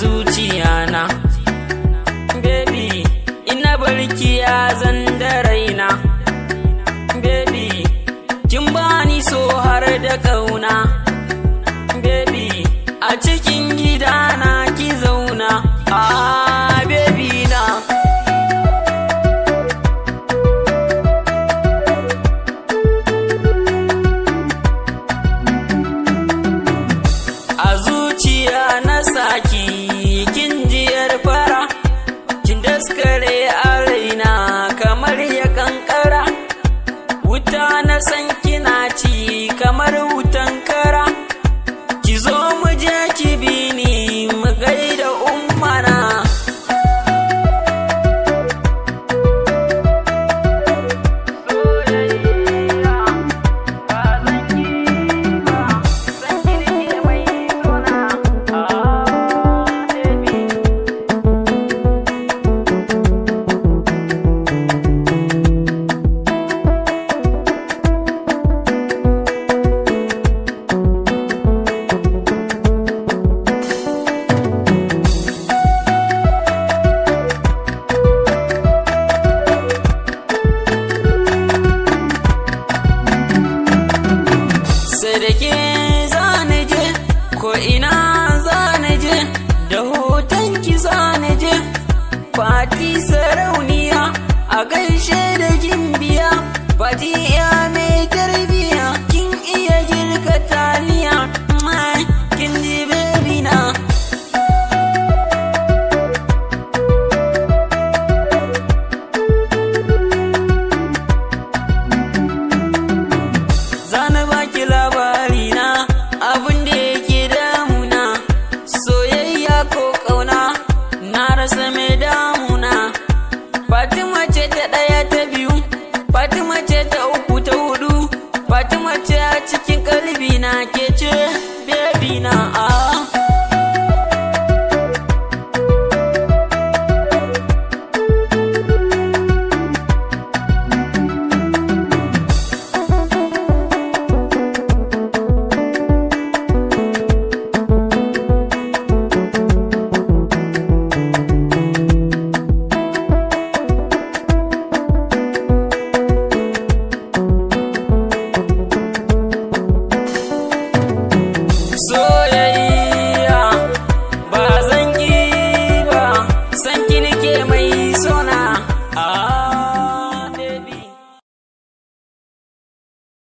zuciya na baby ina barki ya zan da raina baby kin bani so har da kauna baby a cikin gidana daskare a raina kamar ya kankara wuta na sanki da ke zane je ko ina zane je da hoton ki zane je fati sarauniya a gaishe da jini mace a cikin kalbi na ke mai mai ah.